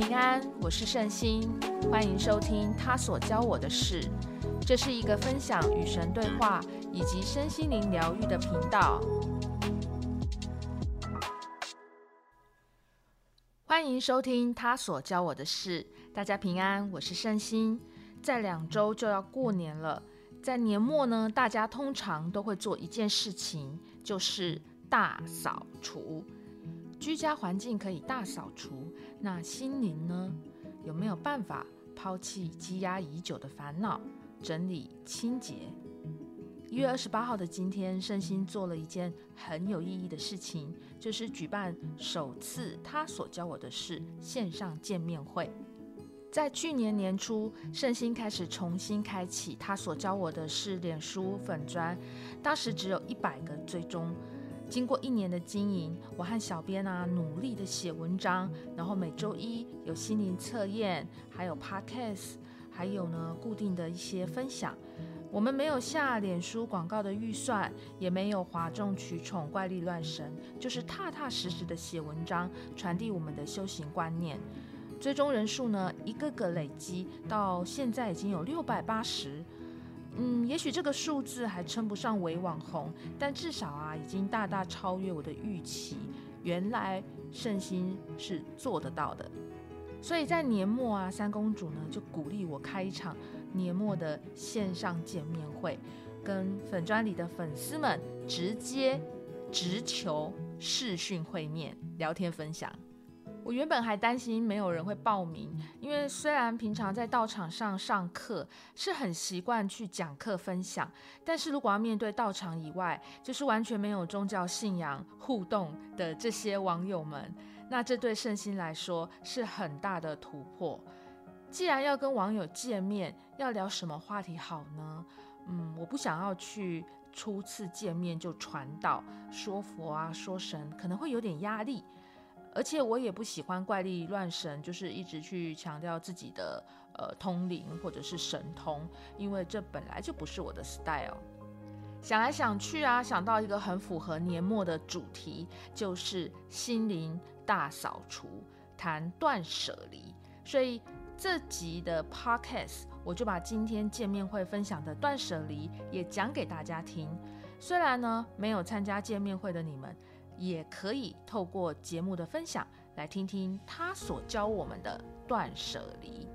平安，我是聖心，歡迎收聽祂所教我的事。這是一個分享與神對話以及身心靈療癒的頻道。歡迎收聽祂所教我的事。大家平安，我是聖心。再兩周就要過年了，在年末呢，大家通常都會做一件事情，就是大掃除。居家環境可以大掃除，那心靈呢？有沒有辦法拋棄積壓已久的煩惱，整理清潔？一月二十八號的今天，聖心做了一件很有意義的事情，就是舉辦首次他所教我的事線上見面會。在去年年初，聖心開始重新開啟他所教我的事。臉書粉專當時只有一百個追蹤……經過一年的經營，我和小編啊努力的寫文章，然後每周一有心靈測驗，還有 podcast，還有呢固定的一些分享。我們沒有下臉書廣告的預算，也沒有譁眾取寵、怪力亂神，就是踏踏實實的寫文章，傳遞我們的修行觀念。最終人數呢，一個個累積到現在已經有六百八十。嗯，也許這個數字還稱不上為網紅，但至少啊，已經大大超越我的預期。原來聖心是做得到的，所以在年末啊，三公主呢就鼓勵我開一場年末的線上見面會，跟粉專裡的粉絲們直接直球視訊會面、聊天、分享。我原本還擔心沒有人會報名，因為雖然平常在道場上上課是很習慣去講課分享，但是如果要面對道場以外，就是完全沒有宗教信仰互動的這些網友們，那這對聖心來說是很大的突破。既然要跟網友見面，要聊什麼話題好呢？嗯，我不想要去初次見面就傳道說佛啊說神，可能會有點壓力。而且我也不喜歡怪力亂神，就是一直去強調自己的呃通靈或者是神通，因為這本來就不是我的 style。想來想去啊，想到一個很符合年末的主題，就是心靈大掃除，談斷捨離。所以這集的 podcast 我就把今天見面會分享的斷捨離也講給大家聽。雖然呢，沒有參加見面會的你們，也可以透過節目的分享來聽聽他所教我們的斷舍離。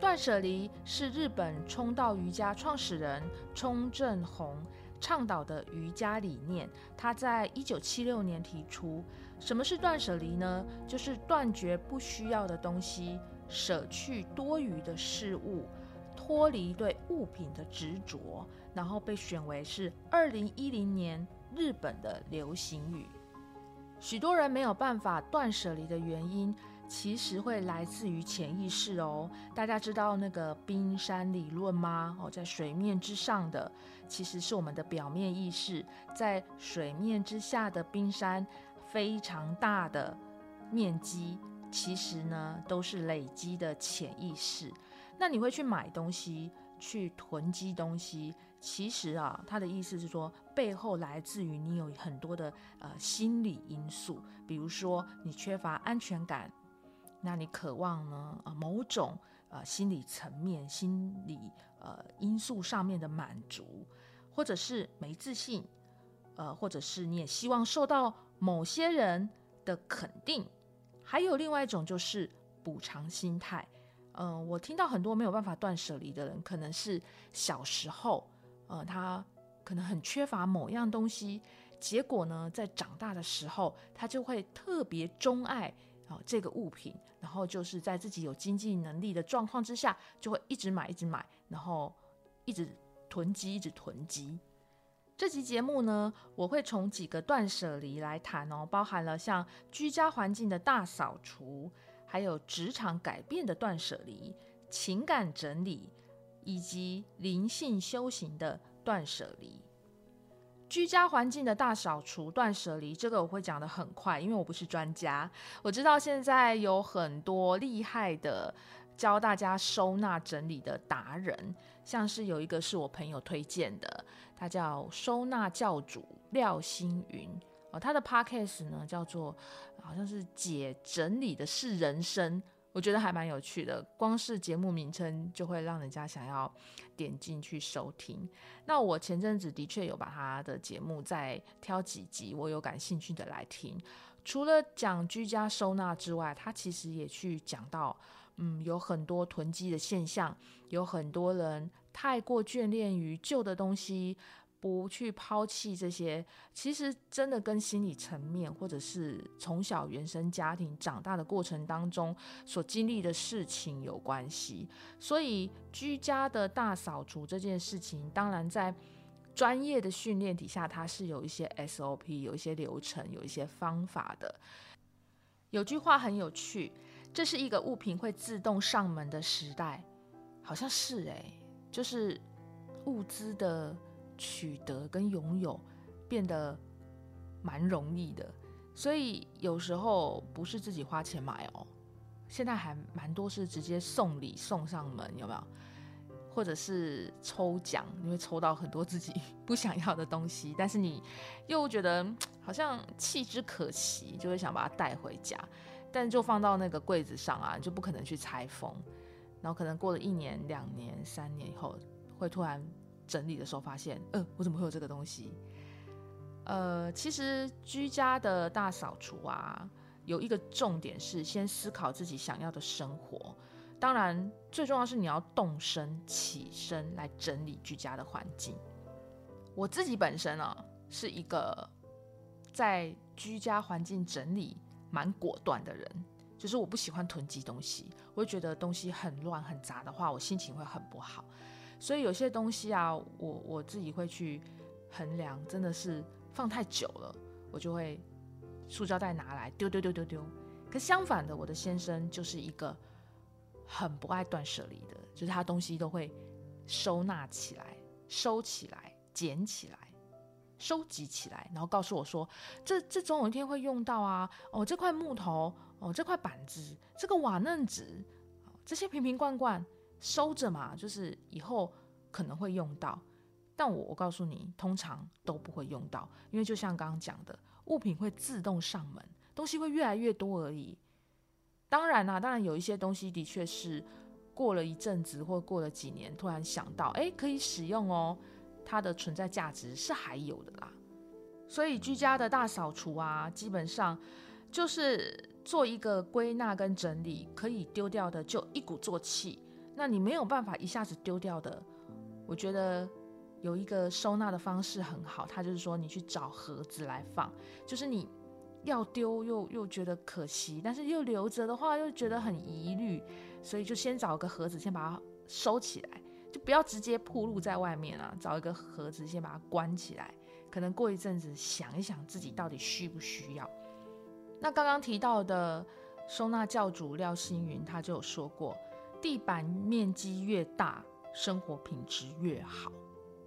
斷舍離是日本沖道瑜伽創始人沖正弘倡導的瑜伽理念。他在一九七六年提出，什麼是斷舍離呢？就是斷絕不需要的東西，舍去多餘的事物，脫離對物品的執着，然後被選為是二零一零年。日本的流行語，許多人沒有辦法斷舍離的原因，其實會來自於潛意識哦。大家知道那個冰山理論嗎？哦，在水面之上的其實是我們的表面意識，在水面之下的冰山非常大的面積，其實呢都是累積的潛意識。那你會去買東西，去囤積東西，其實啊，它的意思是說。背後來自於你有很多的呃心理因素，比如說你缺乏安全感，那你渴望呢呃某種呃心理層面、心理呃因素上面的滿足，或者是沒自信，呃，或者是你也希望受到某些人的肯定。還有另外一種就是補償心態。嗯、呃，我聽到很多沒有辦法斷捨離的人，可能是小時候呃他。可能很缺乏某樣東西，結果呢，在長大的時候，他就會特別鍾愛哦這個物品，然後就是在自己有經濟能力的狀況之下，就會一直買，一直買，然後一直囤積，一直囤積。這期節目呢，我會從幾個斷捨離來談哦，包含了像居家環境的大掃除，還有職場改變的斷捨離，情感整理，以及靈性修行的斷捨離。居家環境的大掃除、斷捨離，這個我會講得很快，因為我不是專家。我知道現在有很多厲害的教大家收納整理的達人，像是有一個是我朋友推薦的，他叫收納教主廖新雲。他的 podcast 呢，叫做，好像是“解整理的是人生”。我覺得還蠻有趣的，光是節目名稱就會讓人家想要點進去收聽。那我前陣子的確有把他的節目再挑幾集，我有感興趣的來聽。除了講居家收納之外，他其實也去講到，嗯，有很多囤積的現象，有很多人太過眷戀於舊的東西。不去拋棄這些，其實真的跟心理層面，或者是從小原生家庭長大的過程當中所經歷的事情有關係。所以，居家的大掃除這件事情，當然在專業的訓練底下，它是有一些 SOP，有一些流程，有一些方法的。有句話很有趣，這是一個物品會自動上門的時代，好像是誒、欸，就是物資的。取得跟擁有變得蠻容易的，所以有時候不是自己花錢買喔，現在還蠻多是直接送禮送上門，有沒有？或者是抽獎，你會抽到很多自己不想要的東西，但是你又覺得好像棄之可惜，就會想把它帶回家，但就放到那個櫃子上啊，就不可能去拆封，然後可能過了一年、兩年、三年以後，會突然。整理的時候發現，嗯、呃，我怎麼會有這個東西？呃，其實居家的大掃除啊，有一個重點是先思考自己想要的生活。當然，最重要是你要動身起身來整理居家的環境。我自己本身啊、哦，是一個在居家環境整理蠻果斷的人，就是我不喜歡囤積東西，我會覺得東西很亂很雜的話，我心情會很不好。所以有些東西啊，我我自己會去衡量，真的是放太久了，我就會塑膠袋拿來丟丢丢丢丢。可相反的，我的先生就是一個很不愛斷捨離的，就是他東西都會收納起來、收起來、撿起來、收集起來，然後告訴我說：“這這總有一天會用到啊！哦，這塊木頭，哦，這塊板子，這個瓦楞紙，這些瓶瓶罐罐。”收着嘛，就是以後可能會用到，但我我告訴你，通常都不會用到，因為就像剛剛講的，物品會自動上門，東西會越來越多而已。當然啦，啊，當然有一些東西的確是過了一陣子或過了幾年，突然想到，誒，可以使用哦，它的存在價值是還有的啦。所以居家的大掃除啊，基本上就是做一個歸納跟整理，可以丟掉的就一鼓作氣。那你沒有辦法一下子丟掉的，我覺得有一個收納的方式很好，他就是說你去找盒子來放，就是你要丟又又覺得可惜，但是又留着的話又覺得很疑慮，所以就先找個盒子先把它收起來，就不要直接暴露在外面啊，找一個盒子先把它關起來，可能過一陣子想一想自己到底需不需要。那剛剛提到的收納教主廖心筠，他就有說過，地板面積越大，生活品質越好。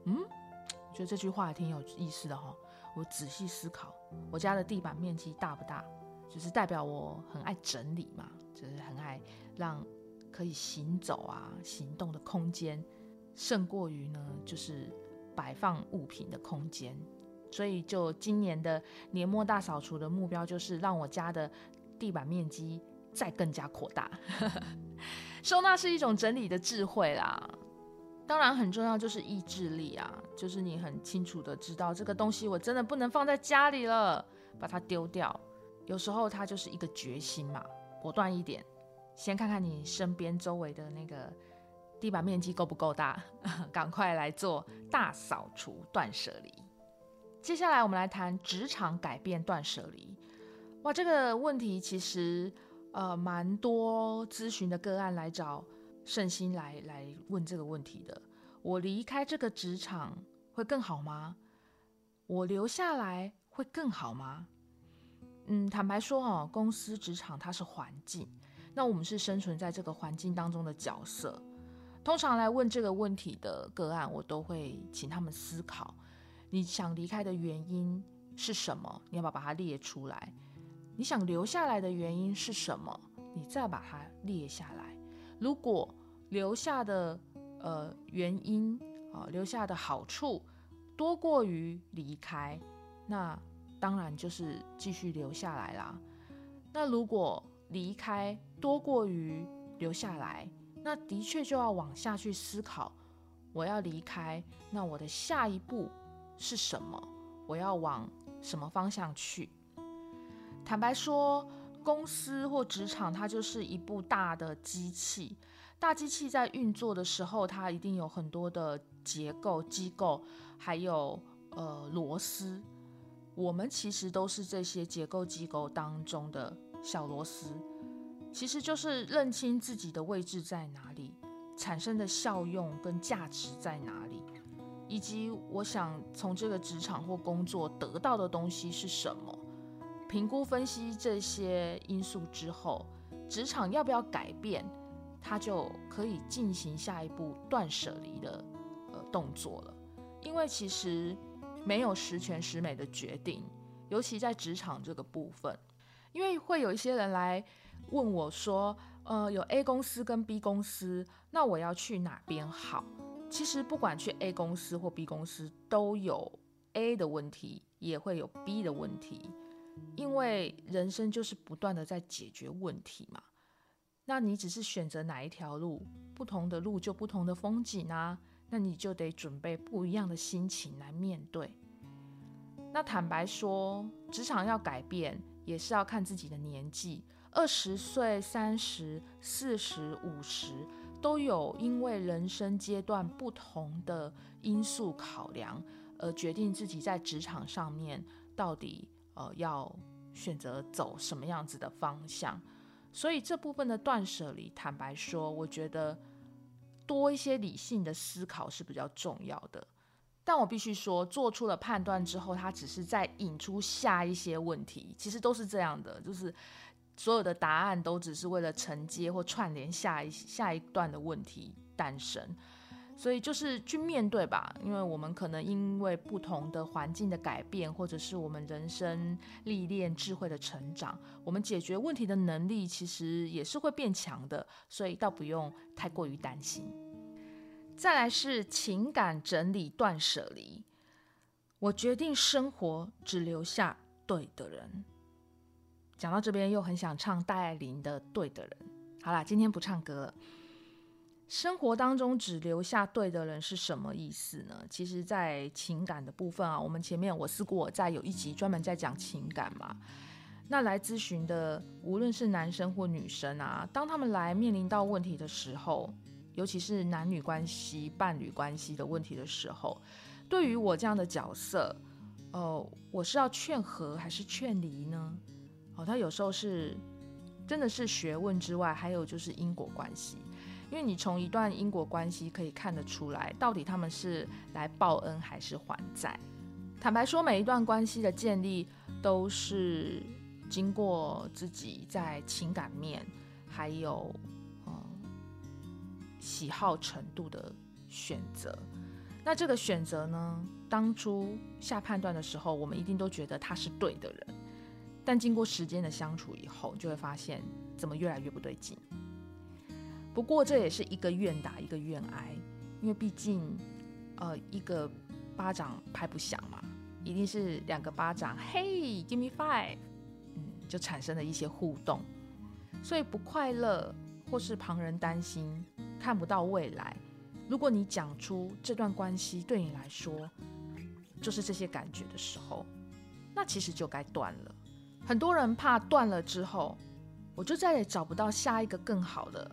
嗯，覺得這句話挺有意思的哈。我仔細思考，我家的地板面積大不大？就是代表我很愛整理嘛，就是很愛讓可以行走啊、行動的空間勝過於呢，就是擺放物品的空間。所以，就今年的年末大掃除的目標，就是讓我家的地板面積再更加擴大。 收納是一種整理的智慧啦，當然很重要就是意志力啊,就是你很清楚的知道這個東西我真的不能放在家裡了，把它丟掉。有時候它就是一個決心嘛，果斷一點。先看看你身邊周圍的那個地板面積夠不夠大，趕快來做大掃除、斷捨離。接下來我們來談職場改變斷捨離。哇，這個問題其實。呃，蠻多諮詢的個案來找聖心來來問這個問題的。我離開這個職場會更好嗎？我留下來會更好嗎？嗯，坦白說哦，公司職場它是環境，那我們是生存在這個環境當中的角色。通常來問這個問題的個案，我都會請他們思考，你想離開的原因是什麼？你要不要把它列出來？你想留下來的原因是什麼？你再把它列下來。如果留下的呃原因啊、呃，留下的好處多過於離開，那當然就是繼續留下來啦。那如果離開多過於留下來，那的確就要往下去思考。我要離開，那我的下一步是什麼？我要往什麼方向去？坦白說，公司或職場它就是一部大的機器。大機器在運作的時候，它一定有很多的結構機構，還有呃螺絲。我們其實都是這些結構機構當中的小螺絲。其實就是認清自己的位置在哪裡，產生的效用跟價值在哪裡，以及我想從這個職場或工作得到的東西是什麼。評估分析這些因素之後，職場要不要改變，他就可以進行下一步斷捨離的，呃，動作了。因為其實沒有十全十美的決定，尤其在職場這個部分，因為會有一些人來問我說，呃，有 A 公司跟 B 公司，那我要去哪邊好？其實不管去 A 公司或 B 公司，都有 A 的問題，也會有 B 的問題。因為人生就是不斷的在解決問題嘛，那你只是選擇哪一條路，不同的路就不同的風景啊，那你就得準備不一樣的心情來面對。那坦白說，職場要改變也是要看自己的年紀，二十歲、三十、四十、五十都有，因為人生階段不同的因素考量而決定自己在職場上面到底。呃，要選擇走什麼樣子的方向，所以這部分的斷捨離，坦白說，我覺得多一些理性的思考是比較重要的。但我必須說，做出了判斷之後，它只是在引出下一些問題，其實都是這樣的，就是所有的答案都只是為了承接或串聯下一，下一段的問題誕生。所以就是去面對吧，因為我們可能因為不同的環境的改變，或者是我們人生歷練、智慧的成長，我們解決問題的能力其實也是會變強的，所以倒不用太過於擔心。再來是情感整理、斷捨離，我決定生活只留下對的人。講到這邊又很想唱戴愛玲的《對的人》，好啦，今天不唱歌了。生活當中只留下對的人是什麼意思呢？其實，在情感的部分啊，我們前面我試過在有一集專門在講情感嘛。那來諮詢的，無論是男生或女生啊，當他們來面臨到問題的時候，尤其是男女關係、伴侶關係的問題的時候，對於我這樣的角色，哦、呃，我是要勸和還是勸離呢？哦，他有時候是真的是學問之外，還有就是因果關係。因為你從一段因果關係可以看得出來，到底他們是來報恩還是還債。坦白說，每一段關係的建立都是經過自己在情感面還有嗯喜好程度的選擇。那這個選擇呢，當初下判斷的時候，我們一定都覺得他是對的人，但經過時間的相處以後，就會發現怎麼越來越不對勁。不過這也是一個願打一個願挨，因為畢竟，呃，一個巴掌拍不響嘛，一定是兩個巴掌。嘿，give me five，嗯，就產生了一些互動。所以不快樂，或是旁人擔心看不到未來，如果你講出這段關係對你來說就是這些感覺的時候，那其實就該斷了。很多人怕斷了之後，我就再也找不到下一個更好的。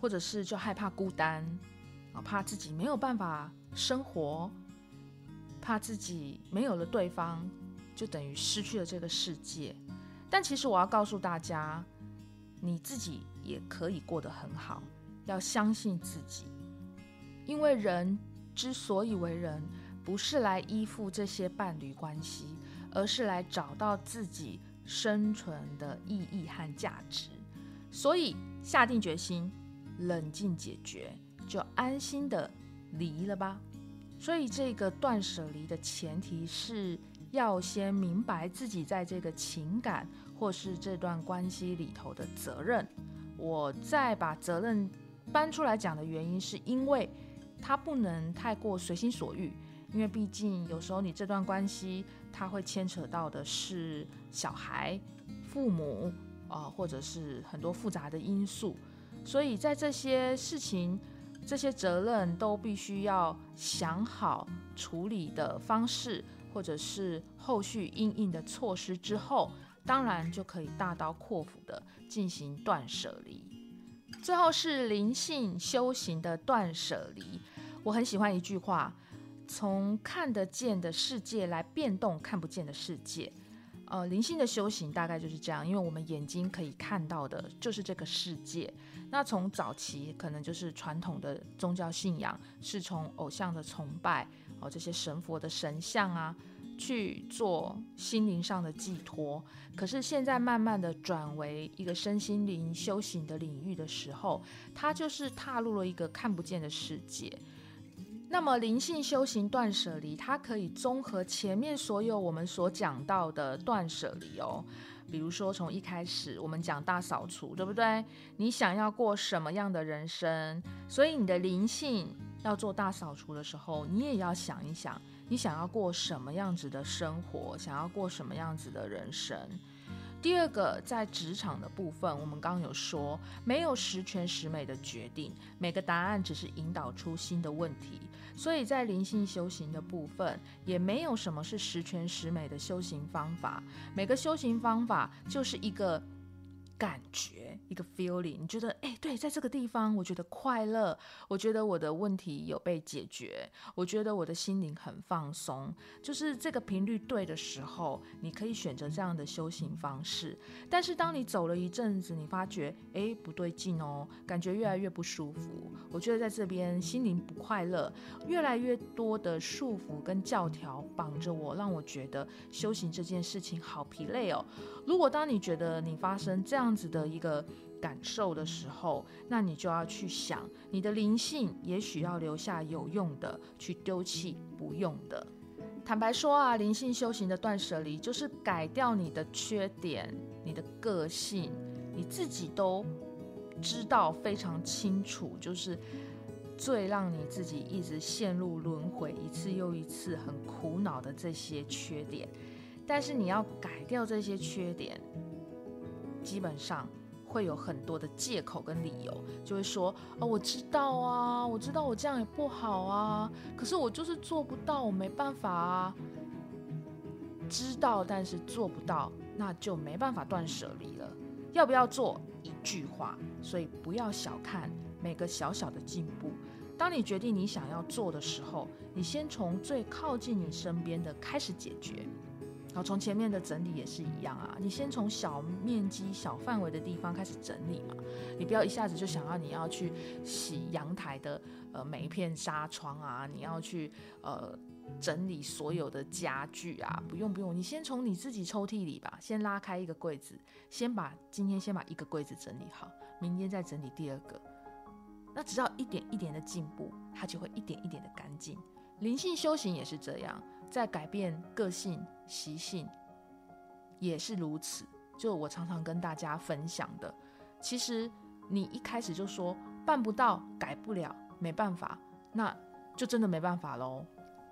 或者是就害怕孤單啊，怕自己沒有辦法生活，怕自己沒有了對方，就等於失去了這個世界。但其實我要告訴大家，你自己也可以過得很好，要相信自己。因為人之所以為人，不是來依附這些伴侶關係，而是來找到自己生存的意義和價值。所以下定決心，冷靜解決，就安心的離了吧。所以這個斷捨離的前提是要先明白自己在這個情感或是這段關係裡頭的責任。我再把責任搬出來講的原因，是因為它不能太過隨心所欲，因為畢竟有時候你這段關係，它會牽扯到的是小孩、父母啊、呃，或者是很多複雜的因素。所以在這些事情、這些責任都必須要想好處理的方式，或者是後續因應的措施之後，當然就可以大刀闊斧的進行斷捨離。最後是靈性修行的斷捨離，我很喜歡一句話：從看得見的世界來變動看不見的世界。呃，靈性的修行大概就是這樣，因為我們眼睛可以看到的就是這個世界。那從早期可能就是傳統的宗教信仰，是從偶像的崇拜哦、呃，這些神佛的神像啊，去做心靈上的寄托。可是現在慢慢的轉為一個身心靈修行的領域的時候，它就是踏入了一個看不見的世界。那麼靈性修行斷捨離，它可以綜合前面所有我們所講到的斷捨離哦。比如說從一開始我們講大掃除，對不對？你想要過什麼樣的人生？所以你的靈性要做大掃除的時候，你也要想一想，你想要過什麼樣子的生活，想要過什麼樣子的人生。第二個，在職場的部分，我們剛剛有說，沒有十全十美的決定，每個答案只是引導出新的問題。所以在靈性修行的部分，也沒有什麼是十全十美的修行方法。每個修行方法就是一個感覺。一個 feeling，你覺得哎、欸，對，在這個地方，我覺得快樂，我覺得我的問題有被解決，我覺得我的心靈很放鬆。就是這個頻率對的時候，你可以選擇這樣的修行方式。但是當你走了一陣子，你發覺哎、欸，不對勁哦，感覺越來越不舒服。我覺得在這邊心靈不快樂，越來越多的束縛跟教條綁着我，讓我覺得修行這件事情好疲累哦。如果當你覺得你發生這樣子的一個。感受的時候，那你就要去想你的靈性，也許要留下有用的，去丟棄不用的。坦白說啊，靈性修行的斷捨離就是改掉你的缺點、你的個性，你自己都知道非常清楚，就是最讓你自己一直陷入輪迴一次又一次很苦惱的這些缺點。但是你要改掉這些缺點，基本上。會有很多的借口跟理由，就會說：哦，我知道啊，我知道我這樣也不好啊，可是我就是做不到，我沒辦法啊。知道，但是做不到，那就沒辦法斷舍離了。要不要做？一句話。所以不要小看每個小小的進步。當你決定你想要做的時候，你先從最靠近你身邊的開始解決。好，從前面的整理也是一樣啊，你先從小面積、小範圍的地方開始整理嘛，你不要一下子就想要你要去洗陽台的呃每一片紗窗啊，你要去呃整理所有的家具啊，不用不用，你先從你自己抽屜裡吧，先拉開一個櫃子，先把今天先把一個櫃子整理好，明天再整理第二個，那只要一點一點的進步，它就會一點一點的乾淨。靈性修行也是這樣，在改變個性。習性也是如此。就我常常跟大家分享的，其實你一開始就說辦不到、改不了、沒辦法，那就真的沒辦法嘍。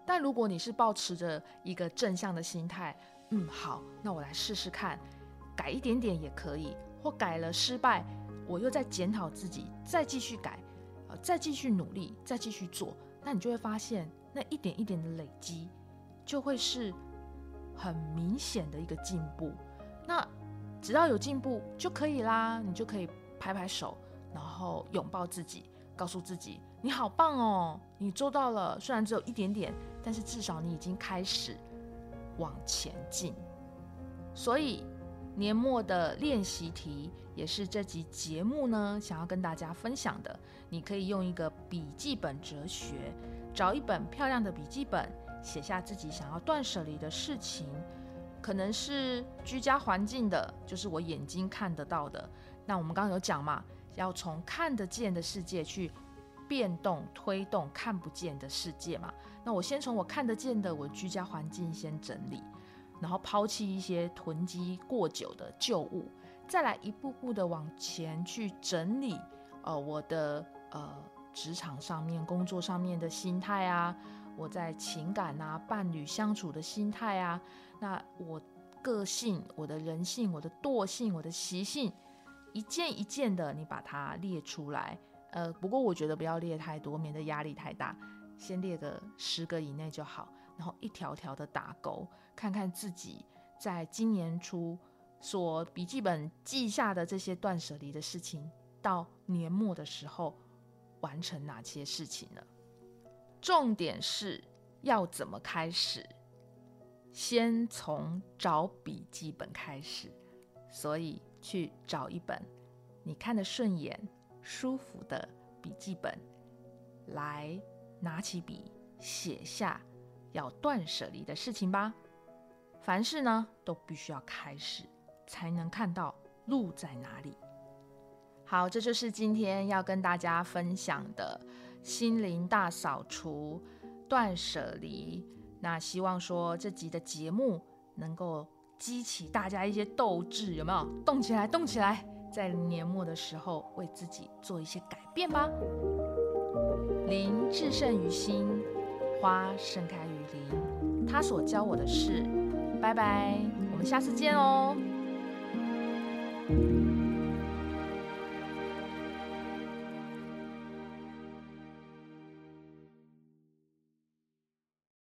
但如果你是保持着一個正向的心態，嗯，好，那我來試試看，改一點點也可以。或改了失敗，我又再檢討自己，再繼續改，呃，再繼續努力，再繼續做，那你就會發現，那一點一點的累積，就會是。很明顯的一個進步，那只要有進步就可以啦，你就可以拍拍手，然後擁抱自己，告訴自己你好棒哦，你做到了，雖然只有一點點，但是至少你已經開始往前進。所以年末的練習題也是這集節目呢，想要跟大家分享的，你可以用一個筆記本哲學，找一本漂亮的筆記本，寫下自己想要斷捨離的事情，可能是居家環境的，就是我眼睛看得到的。那我們剛剛有講嘛，要從看得見的世界去變動、推動看不見的世界嘛。那我先從我看得見的我居家環境先整理，然後拋棄一些囤積過久的舊物，再來一步步的往前去整理。呃，我的呃，職場上面、工作上面的心態啊。我在情感啊、伴侶相處的心態啊，那我個性、我的人性、我的惰性、我的習性，一件一件的，你把它列出來。呃，不過我覺得不要列太多，免得壓力太大，先列個十個以內就好。然後一條條的打勾，看看自己在今年初所筆記本記下的這些斷捨離的事情，到年末的時候完成哪些事情呢？重點是要怎麼開始？先從找筆記本開始，所以去找一本你看得順眼、舒服的筆記本，來拿起筆寫下要斷捨離的事情吧。凡事呢，都必須要開始，才能看到路在哪裡。好，這就是今天要跟大家分享的。心靈大掃除，斷捨離。那希望說這集的節目能夠激起大家一些鬥志，有沒有？動起來，動起來，在年末的時候為自己做一些改變吧。林至勝於心，花盛開於林。祂所教我的事，拜拜，我們下次見哦。